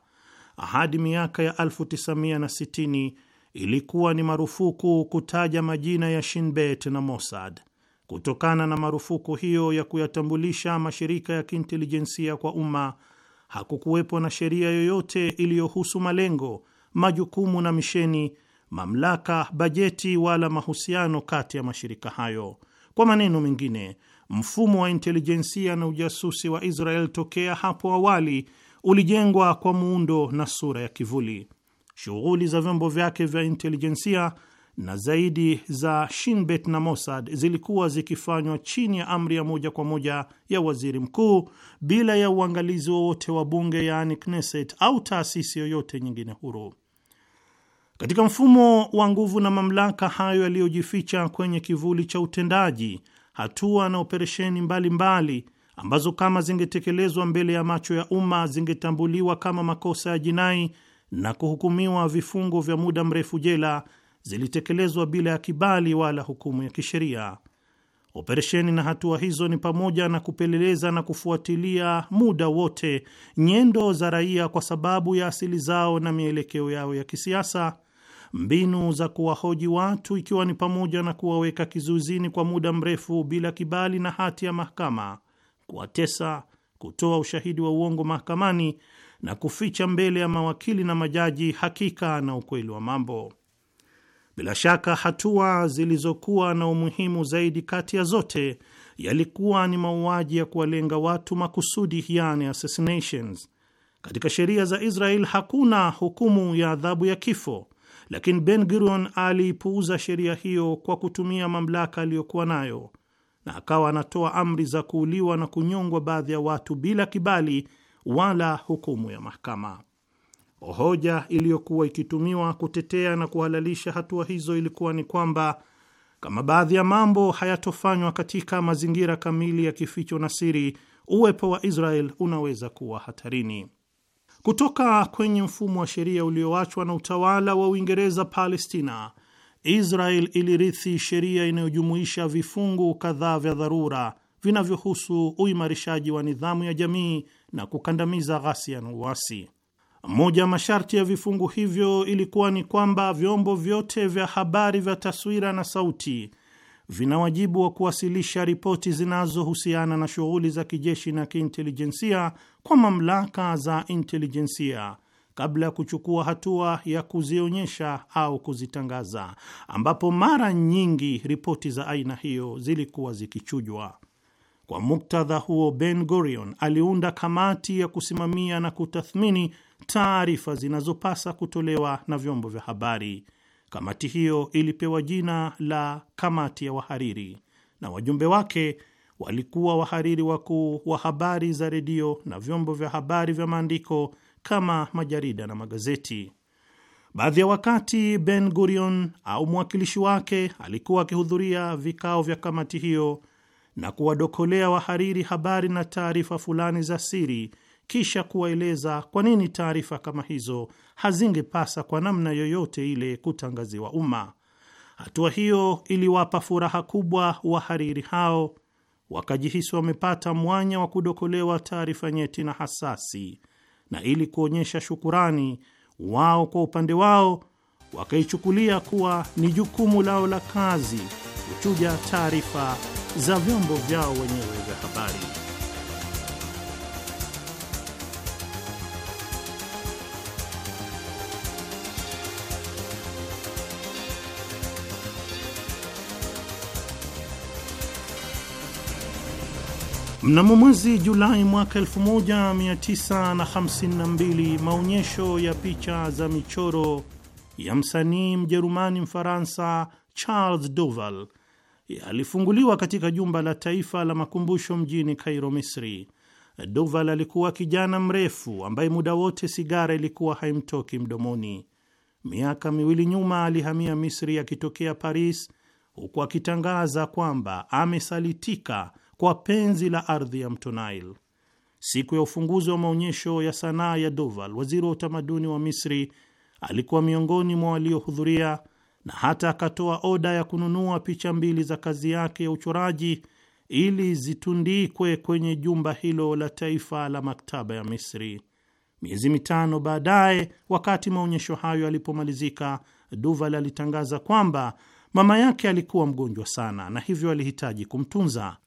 Hadi miaka ya 1960 ilikuwa ni marufuku kutaja majina ya Shinbet na Mossad. Kutokana na marufuku hiyo ya kuyatambulisha mashirika ya kiintelijensia kwa umma, hakukuwepo na sheria yoyote iliyohusu malengo, majukumu na misheni mamlaka, bajeti wala mahusiano kati ya mashirika hayo. Kwa maneno mengine, mfumo wa intelijensia na ujasusi wa Israel tokea hapo awali ulijengwa kwa muundo na sura ya kivuli. Shughuli za vyombo vyake vya intelijensia na zaidi za Shinbet na Mossad zilikuwa zikifanywa chini ya amri ya moja kwa moja ya waziri mkuu bila ya uangalizi wowote wa bunge, yaani Knesset, au taasisi yoyote nyingine huru. Katika mfumo wa nguvu na mamlaka hayo yaliyojificha kwenye kivuli cha utendaji, hatua na operesheni mbalimbali ambazo kama zingetekelezwa mbele ya macho ya umma zingetambuliwa kama makosa ya jinai na kuhukumiwa vifungo vya muda mrefu jela, zilitekelezwa bila ya kibali wala hukumu ya kisheria. Operesheni na hatua hizo ni pamoja na kupeleleza na kufuatilia muda wote nyendo za raia kwa sababu ya asili zao na mielekeo yao ya kisiasa, mbinu za kuwahoji watu, ikiwa ni pamoja na kuwaweka kizuizini kwa muda mrefu bila kibali na hati ya mahakama, kuwatesa, kutoa ushahidi wa uongo mahakamani na kuficha mbele ya mawakili na majaji hakika na ukweli wa mambo. Bila shaka hatua zilizokuwa na umuhimu zaidi kati ya zote yalikuwa ni mauaji ya kuwalenga watu makusudi, yani assassinations. Katika sheria za Israel hakuna hukumu ya adhabu ya kifo, lakini Ben Gurion aliipuuza sheria hiyo kwa kutumia mamlaka aliyokuwa nayo na akawa anatoa amri za kuuliwa na kunyongwa baadhi ya watu bila kibali wala hukumu ya mahakama. Hoja iliyokuwa ikitumiwa kutetea na kuhalalisha hatua hizo ilikuwa ni kwamba kama baadhi ya mambo hayatofanywa katika mazingira kamili ya kificho na siri, uwepo wa Israel unaweza kuwa hatarini. Kutoka kwenye mfumo wa sheria ulioachwa na utawala wa Uingereza Palestina, Israel ilirithi sheria inayojumuisha vifungu kadhaa vya dharura vinavyohusu uimarishaji wa nidhamu ya jamii na kukandamiza ghasia na uasi. Moja ya masharti ya vifungu hivyo ilikuwa ni kwamba vyombo vyote vya habari vya taswira na sauti vina wajibu wa kuwasilisha ripoti zinazohusiana na shughuli za kijeshi na kiintelijensia kwa mamlaka za intelijensia kabla ya kuchukua hatua ya kuzionyesha au kuzitangaza, ambapo mara nyingi ripoti za aina hiyo zilikuwa zikichujwa. Kwa muktadha huo, Ben Gurion aliunda kamati ya kusimamia na kutathmini taarifa zinazopasa kutolewa na vyombo vya habari. Kamati hiyo ilipewa jina la kamati ya wahariri na wajumbe wake walikuwa wahariri wakuu wa habari za redio na vyombo vya habari vya maandiko kama majarida na magazeti. Baadhi ya wakati Ben Gurion au mwakilishi wake alikuwa akihudhuria vikao vya kamati hiyo na kuwadokolea wahariri habari na taarifa fulani za siri, kisha kuwaeleza kwa nini taarifa kama hizo hazingepasa kwa namna yoyote ile kutangaziwa umma. Hatua hiyo iliwapa furaha kubwa wahariri hao, wakajihisi wamepata mwanya wa kudokolewa taarifa nyeti na hasasi, na ili kuonyesha shukurani wao, kwa upande wao wakaichukulia kuwa ni jukumu lao la kazi kuchuja taarifa za vyombo vyao wenyewe vya habari. Mnamo mwezi Julai mwaka 1952 maonyesho ya picha za michoro ya msanii Mjerumani Mfaransa Charles Duval yalifunguliwa katika jumba la taifa la makumbusho mjini cairo Misri. Duval alikuwa kijana mrefu ambaye muda wote sigara ilikuwa haimtoki mdomoni. Miaka miwili nyuma alihamia Misri akitokea Paris, huku akitangaza kwamba amesalitika kwa penzi la ardhi ya mto Nile. Siku ya ufunguzi wa maonyesho ya sanaa ya Doval, waziri wa utamaduni wa Misri alikuwa miongoni mwa waliohudhuria na hata akatoa oda ya kununua picha mbili za kazi yake ya uchoraji ili zitundikwe kwenye jumba hilo la taifa la maktaba ya Misri. Miezi mitano baadaye, wakati maonyesho hayo yalipomalizika, Duval alitangaza kwamba mama yake alikuwa mgonjwa sana na hivyo alihitaji kumtunza.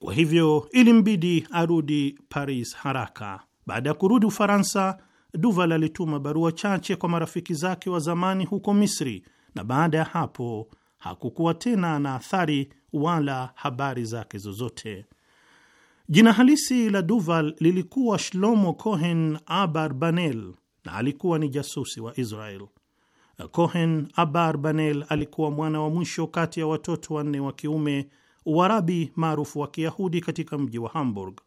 Kwa hivyo ilimbidi arudi Paris haraka. Baada ya kurudi Ufaransa, Duval alituma barua chache kwa marafiki zake wa zamani huko Misri, na baada ya hapo hakukuwa tena na athari wala habari zake zozote. Jina halisi la Duval lilikuwa Shlomo Cohen Abar Banel na alikuwa ni jasusi wa Israel. Cohen Abar Banel alikuwa mwana wa mwisho kati ya watoto wanne wa kiume Uarabi maarufu wa Kiyahudi katika mji wa Hamburg.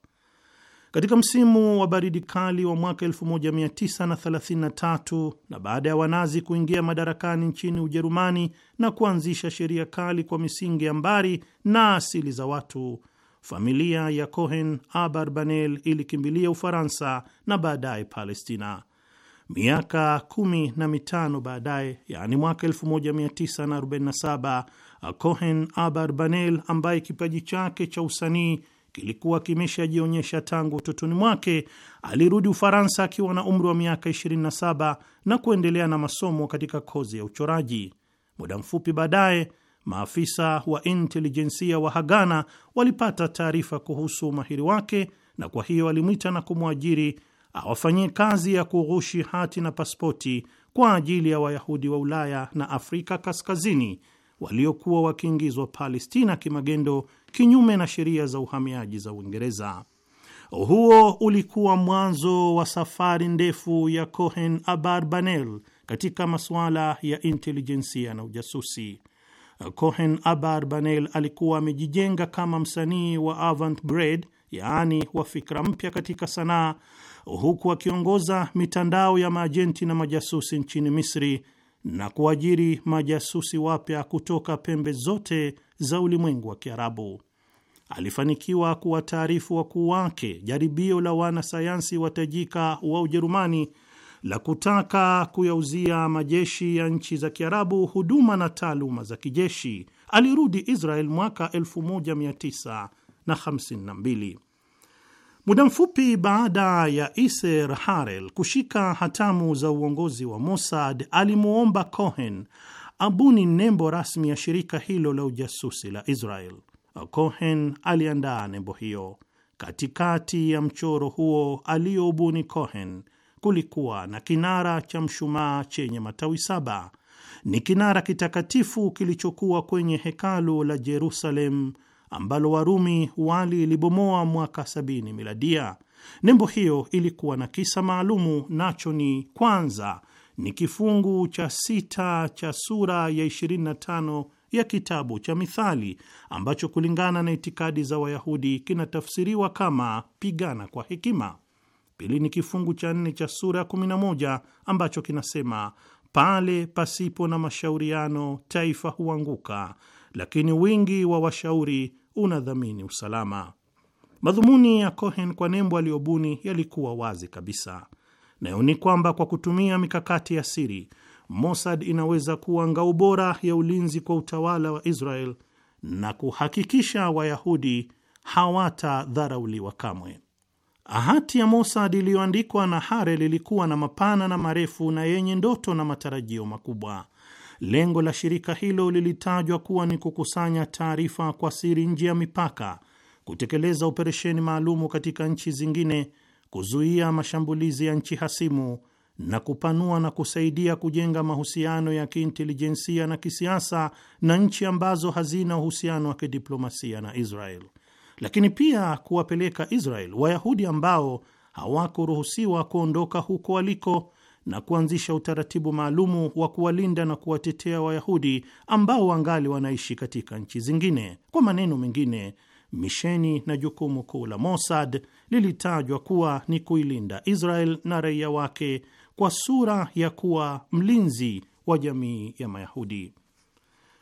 Katika msimu wa baridi kali wa mwaka 1933 na, na baada ya Wanazi kuingia madarakani nchini Ujerumani na kuanzisha sheria kali kwa misingi ya mbari na asili za watu, familia ya Cohen Abarbanel ilikimbilia Ufaransa na baadaye Palestina. Miaka kumi na mitano baadaye, yaani mwaka 1947 Cohen Abar Banel, ambaye kipaji chake cha usanii kilikuwa kimeshajionyesha tangu utotoni mwake, alirudi Ufaransa akiwa na umri wa miaka 27 na kuendelea na masomo katika kozi ya uchoraji. Muda mfupi baadaye maafisa wa intelijensia wa Hagana walipata taarifa kuhusu umahiri wake, na kwa hiyo alimwita na kumwajiri awafanyie kazi ya kughushi hati na pasipoti kwa ajili ya Wayahudi wa Ulaya na Afrika Kaskazini waliokuwa wakiingizwa Palestina kimagendo kinyume na sheria za uhamiaji za Uingereza. Huo ulikuwa mwanzo wa safari ndefu ya Cohen Abarbanel katika masuala ya intelijensia na ujasusi. Cohen Abarbanel alikuwa amejijenga kama msanii wa avant-garde, yaani wa fikra mpya katika sanaa huku akiongoza mitandao ya maajenti na majasusi nchini Misri na kuajiri majasusi wapya kutoka pembe zote za ulimwengu wa Kiarabu. Alifanikiwa kuwataarifu wakuu wake jaribio la wanasayansi watajika wa Ujerumani la kutaka kuyauzia majeshi ya nchi za Kiarabu huduma na taaluma za kijeshi. Alirudi Israel mwaka 1952. Muda mfupi baada ya Iser Harel kushika hatamu za uongozi wa Mossad, alimwomba Cohen abuni nembo rasmi ya shirika hilo la ujasusi la Israel. Cohen aliandaa nembo hiyo. Katikati ya mchoro huo aliyoubuni Cohen kulikuwa na kinara cha mshumaa chenye matawi saba. Ni kinara kitakatifu kilichokuwa kwenye hekalu la Jerusalem ambalo Warumi walilibomoa mwaka sabini miladia. Nembo hiyo ilikuwa na kisa maalumu, nacho ni kwanza ni kifungu cha sita cha sura ya 25 ya kitabu cha Mithali ambacho kulingana na itikadi za Wayahudi kinatafsiriwa kama pigana kwa hekima. Pili ni kifungu cha nne cha sura ya 11 ambacho kinasema, pale pasipo na mashauriano taifa huanguka, lakini wingi wa washauri unadhamini usalama. Madhumuni ya Cohen kwa nembo aliyobuni yalikuwa wazi kabisa, nayo ni kwamba kwa kutumia mikakati ya siri, Mossad inaweza kuwa ngao bora ya ulinzi kwa utawala wa Israel na kuhakikisha Wayahudi hawatadharauliwa kamwe. Hati ya Mossad iliyoandikwa na Harel ilikuwa na mapana na marefu na yenye ndoto na matarajio makubwa. Lengo la shirika hilo lilitajwa kuwa ni kukusanya taarifa kwa siri nje ya mipaka, kutekeleza operesheni maalumu katika nchi zingine, kuzuia mashambulizi ya nchi hasimu na kupanua na kusaidia kujenga mahusiano ya kiintelijensia na kisiasa na nchi ambazo hazina uhusiano wa kidiplomasia na Israel, lakini pia kuwapeleka Israel Wayahudi ambao hawakuruhusiwa kuondoka huko waliko na kuanzisha utaratibu maalumu wa kuwalinda na kuwatetea Wayahudi ambao wangali wanaishi katika nchi zingine. Kwa maneno mengine, misheni na jukumu kuu la Mossad lilitajwa kuwa ni kuilinda Israel na raia wake kwa sura ya kuwa mlinzi wa jamii ya Mayahudi.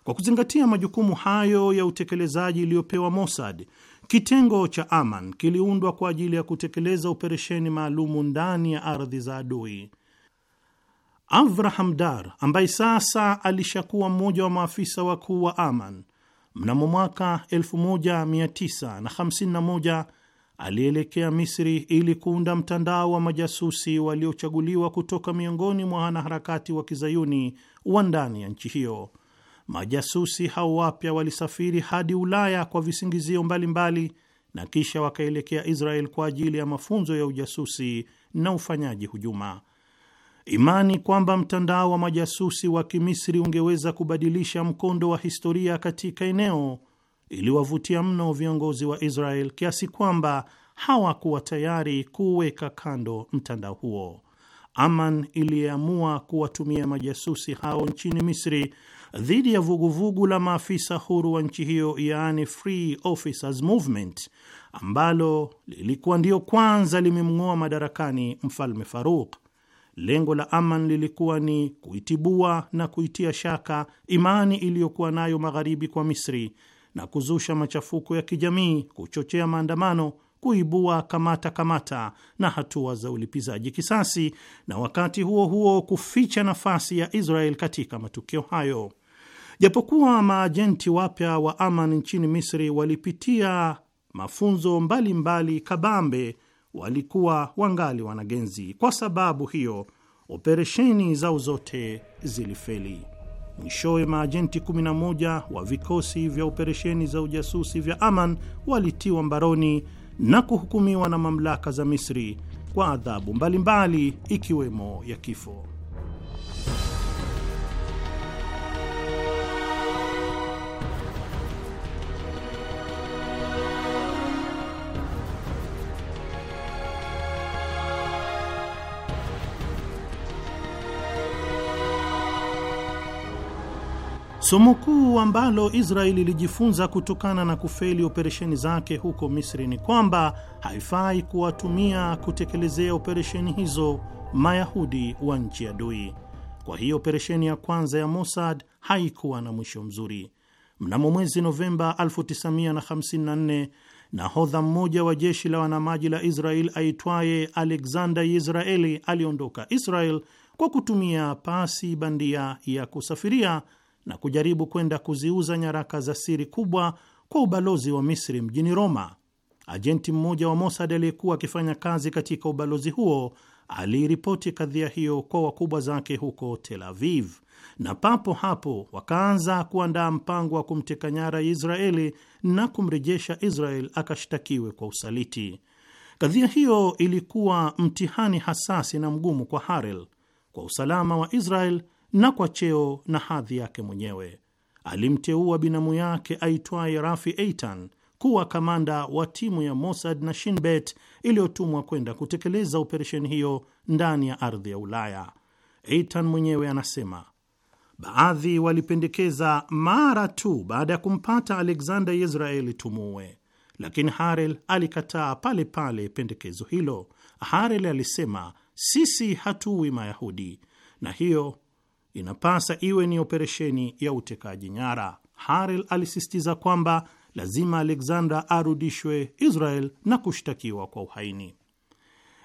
Kwa kuzingatia majukumu hayo ya utekelezaji iliyopewa Mossad, kitengo cha Aman kiliundwa kwa ajili ya kutekeleza operesheni maalumu ndani ya ardhi za adui Avraham Dar ambaye sasa alishakuwa mmoja wa maafisa wakuu wa Aman, mnamo mwaka 1951 alielekea Misri ili kuunda mtandao wa majasusi waliochaguliwa kutoka miongoni mwa wanaharakati wa kizayuni wa ndani ya nchi hiyo. Majasusi hao wapya walisafiri hadi Ulaya kwa visingizio mbalimbali mbali, na kisha wakaelekea Israel kwa ajili ya mafunzo ya ujasusi na ufanyaji hujuma. Imani kwamba mtandao wa majasusi wa Kimisri ungeweza kubadilisha mkondo wa historia katika eneo iliwavutia mno viongozi wa Israel kiasi kwamba hawakuwa tayari kuweka kando mtandao huo. Aman iliyeamua kuwatumia majasusi hao nchini Misri dhidi ya vuguvugu la maafisa huru wa nchi hiyo, yaani Free Officers Movement, ambalo lilikuwa ndio kwanza limemng'oa madarakani mfalme Faruk. Lengo la Aman lilikuwa ni kuitibua na kuitia shaka imani iliyokuwa nayo magharibi kwa Misri na kuzusha machafuko ya kijamii, kuchochea maandamano, kuibua kamata kamata na hatua za ulipizaji kisasi, na wakati huo huo kuficha nafasi ya Israel katika matukio hayo. Japokuwa maajenti wapya wa Aman nchini Misri walipitia mafunzo mbalimbali mbali kabambe walikuwa wangali wanagenzi. Kwa sababu hiyo, operesheni zao zote zilifeli. Mwishowe, maajenti 11 wa vikosi vya operesheni za ujasusi vya Aman walitiwa mbaroni na kuhukumiwa na mamlaka za Misri kwa adhabu mbalimbali ikiwemo ya kifo. Somo kuu ambalo Israel ilijifunza kutokana na kufeli operesheni zake huko Misri ni kwamba haifai kuwatumia kutekelezea operesheni hizo Mayahudi wa nchi adui. Kwa hiyo operesheni ya kwanza ya Mossad haikuwa na mwisho mzuri. Mnamo mwezi Novemba 1954 nahodha mmoja wa jeshi la wanamaji la Israel aitwaye Alexander Yisraeli aliondoka Israel kwa kutumia pasi bandia ya kusafiria na kujaribu kwenda kuziuza nyaraka za siri kubwa kwa ubalozi wa Misri mjini Roma. Ajenti mmoja wa Mossad aliyekuwa akifanya kazi katika ubalozi huo aliiripoti kadhia hiyo kwa wakubwa zake huko Tel Aviv, na papo hapo wakaanza kuandaa mpango wa kumteka nyara Israeli na kumrejesha Israel akashtakiwe kwa usaliti. Kadhia hiyo ilikuwa mtihani hasasi na mgumu kwa Harel, kwa usalama wa Israel na kwa cheo na hadhi yake mwenyewe. Alimteua binamu yake aitwaye Rafi Eitan kuwa kamanda wa timu ya Mossad na Shinbet iliyotumwa kwenda kutekeleza operesheni hiyo ndani ya ardhi ya Ulaya. Eitan mwenyewe anasema baadhi walipendekeza mara tu baada ya kumpata Alexander Israeli tumuue, lakini Harel alikataa pale pale pendekezo hilo. Harel alisema, sisi hatuwi Mayahudi, na hiyo inapasa iwe ni operesheni ya utekaji nyara. Harel alisisitiza kwamba lazima Alexander arudishwe Israel na kushtakiwa kwa uhaini.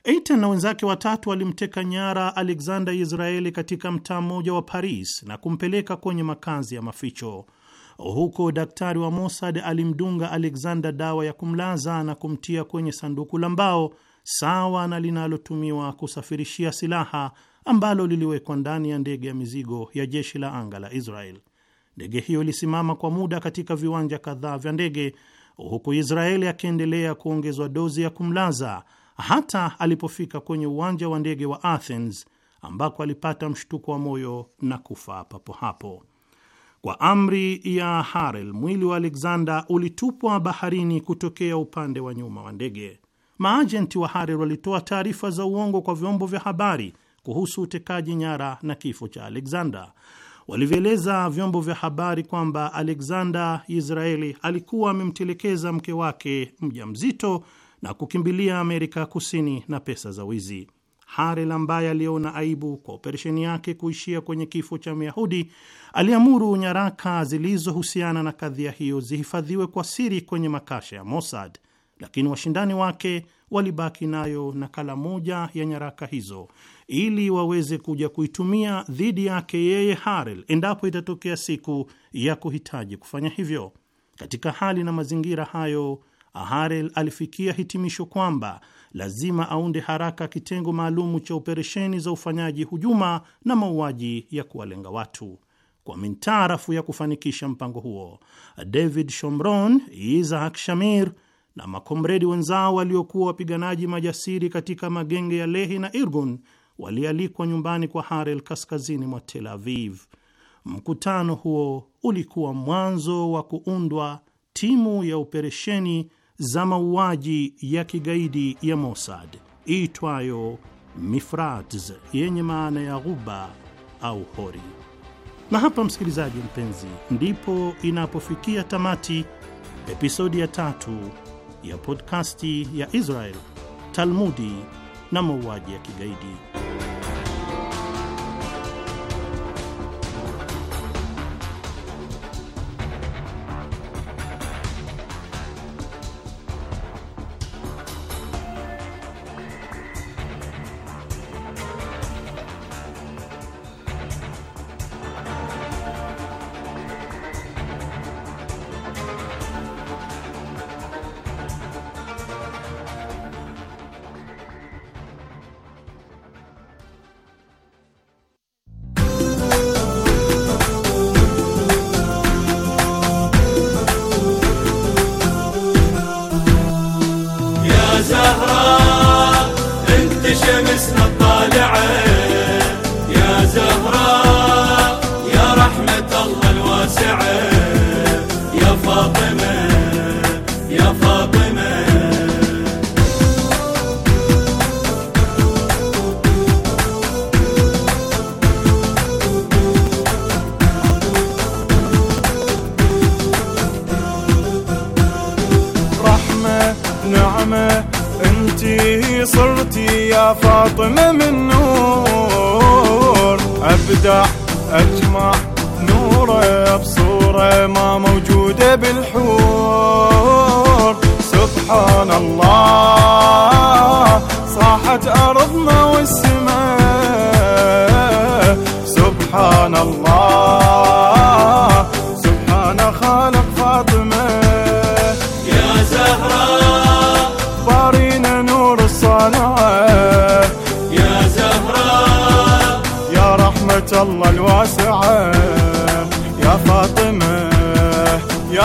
Eitan na wenzake watatu walimteka nyara Alexander Israeli katika mtaa mmoja wa Paris na kumpeleka kwenye makazi ya maficho. Huko daktari wa Mossad alimdunga Alexander dawa ya kumlaza na kumtia kwenye sanduku la mbao sawa na linalotumiwa kusafirishia silaha ambalo liliwekwa ndani ya ndege ya mizigo ya jeshi la anga la Israel. Ndege hiyo ilisimama kwa muda katika viwanja kadhaa vya ndege, huku Israeli akiendelea kuongezwa dozi ya kumlaza hata alipofika kwenye uwanja wa ndege wa Athens ambako alipata mshtuko wa moyo na kufa papo hapo. Kwa amri ya Harel, mwili wa Alexander ulitupwa baharini kutokea upande wa nyuma wa ndege. Maajenti wa Harel walitoa taarifa za uongo kwa vyombo vya habari kuhusu utekaji nyara na kifo cha Alexander. Walivyoeleza vyombo vya habari kwamba Alexander Israeli alikuwa amemtelekeza mke wake mja mzito na kukimbilia Amerika Kusini na pesa za wizi. Harel ambaye aliona aibu kwa operesheni yake kuishia kwenye kifo cha Myahudi aliamuru nyaraka zilizohusiana na kadhia hiyo zihifadhiwe kwa siri kwenye makasha ya Mossad, lakini washindani wake walibaki nayo nakala moja ya nyaraka hizo ili waweze kuja kuitumia dhidi yake yeye Harel endapo itatokea siku ya kuhitaji kufanya hivyo. Katika hali na mazingira hayo, Harel alifikia hitimisho kwamba lazima aunde haraka kitengo maalumu cha operesheni za ufanyaji hujuma na mauaji ya kuwalenga watu. Kwa mintaarafu ya kufanikisha mpango huo, David Shomron, Isaac Shamir na makomredi wenzao waliokuwa wapiganaji majasiri katika magenge ya Lehi na Irgun walialikwa nyumbani kwa Harel kaskazini mwa Tel Aviv. Mkutano huo ulikuwa mwanzo wa kuundwa timu ya operesheni za mauaji ya kigaidi ya Mossad iitwayo Mifrats, yenye maana ya ghuba au hori. Na hapa, msikilizaji mpenzi, ndipo inapofikia tamati episodi ya tatu ya podkasti ya Israel Talmudi na mauaji ya kigaidi.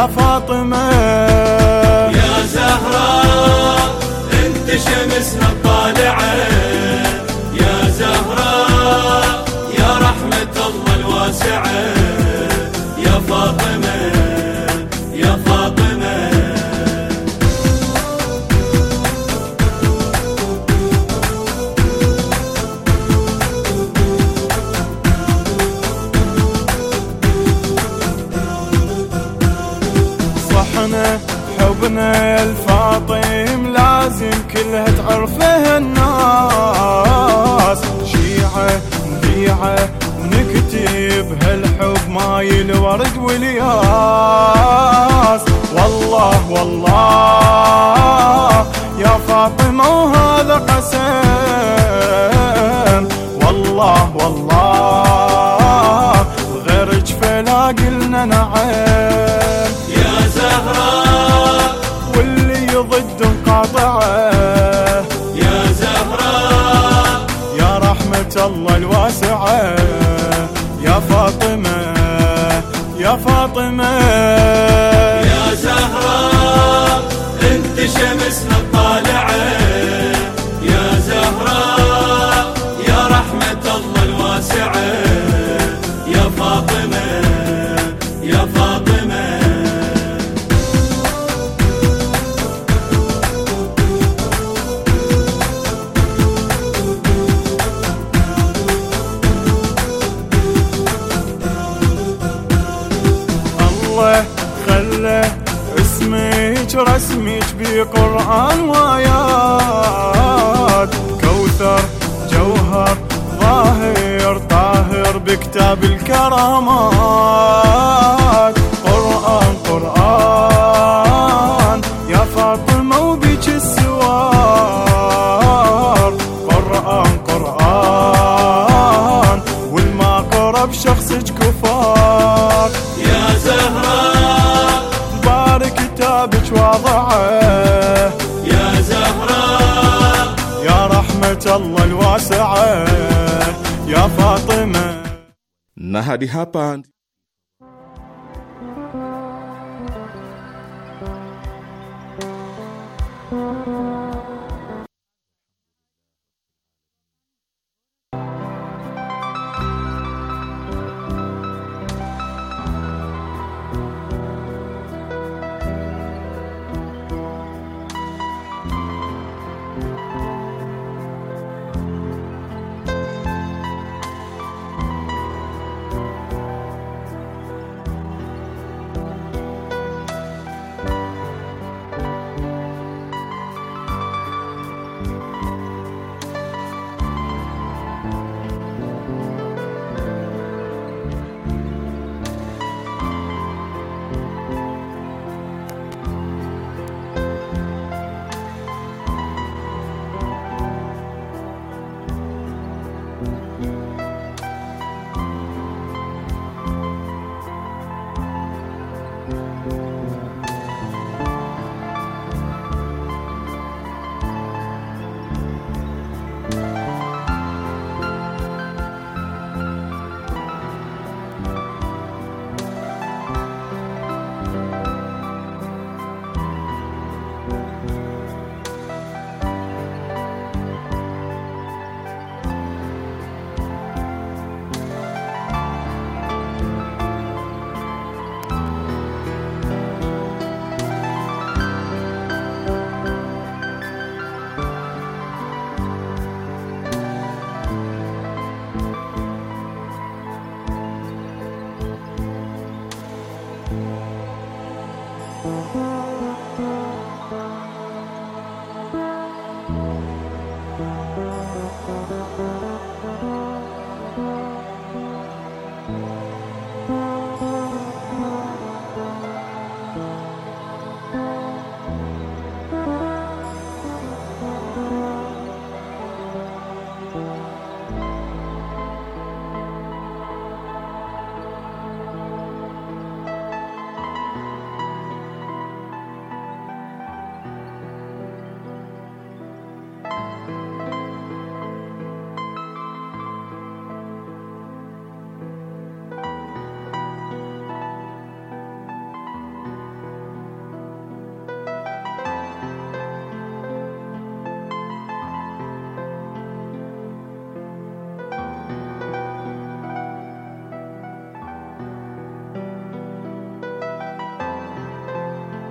Safa والله يا فاطمة وهذا قسم والله والله غيرك فلا قلنا نعم يا زهراء واللي يضد قاطعه يا زهراء يا رحمة الله الواسعة يا فاطمة يا فاطمة وانوايات كوثر جوهر ظاهر طاهر بكتاب الكرامات hadi hapa